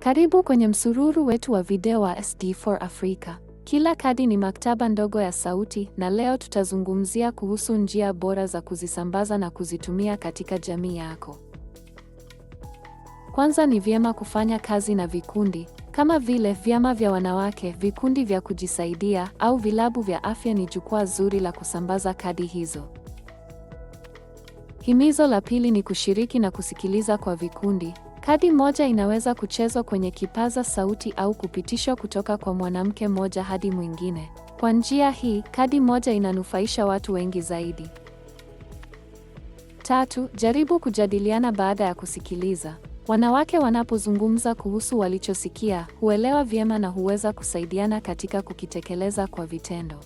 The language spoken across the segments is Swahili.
Karibu kwenye msururu wetu wa video wa SD4 Africa. Kila kadi ni maktaba ndogo ya sauti na leo tutazungumzia kuhusu njia bora za kuzisambaza na kuzitumia katika jamii yako. Kwanza ni vyema kufanya kazi na vikundi kama vile vyama vya wanawake, vikundi vya kujisaidia au vilabu vya afya ni jukwaa zuri la kusambaza kadi hizo. Himizo la pili ni kushiriki na kusikiliza kwa vikundi. Kadi moja inaweza kuchezwa kwenye kipaza sauti au kupitishwa kutoka kwa mwanamke mmoja hadi mwingine. Kwa njia hii, kadi moja inanufaisha watu wengi zaidi. Tatu, jaribu kujadiliana baada ya kusikiliza. Wanawake wanapozungumza kuhusu walichosikia, huelewa vyema na huweza kusaidiana katika kukitekeleza kwa vitendo.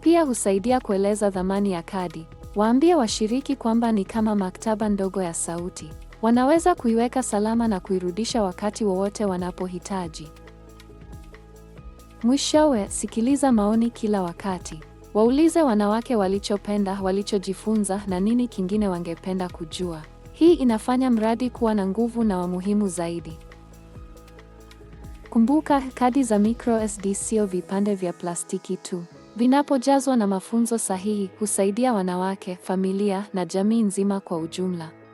Pia husaidia kueleza dhamani ya kadi. Waambie washiriki kwamba ni kama maktaba ndogo ya sauti. Wanaweza kuiweka salama na kuirudisha wakati wowote wanapohitaji. Mwishowe, sikiliza maoni kila wakati. Waulize wanawake walichopenda, walichojifunza na nini kingine wangependa kujua. Hii inafanya mradi kuwa na nguvu na wa muhimu zaidi. Kumbuka, kadi za SD sio vipande vya plastiki tu. Vinapojazwa na mafunzo sahihi, husaidia wanawake, familia na jamii nzima kwa ujumla.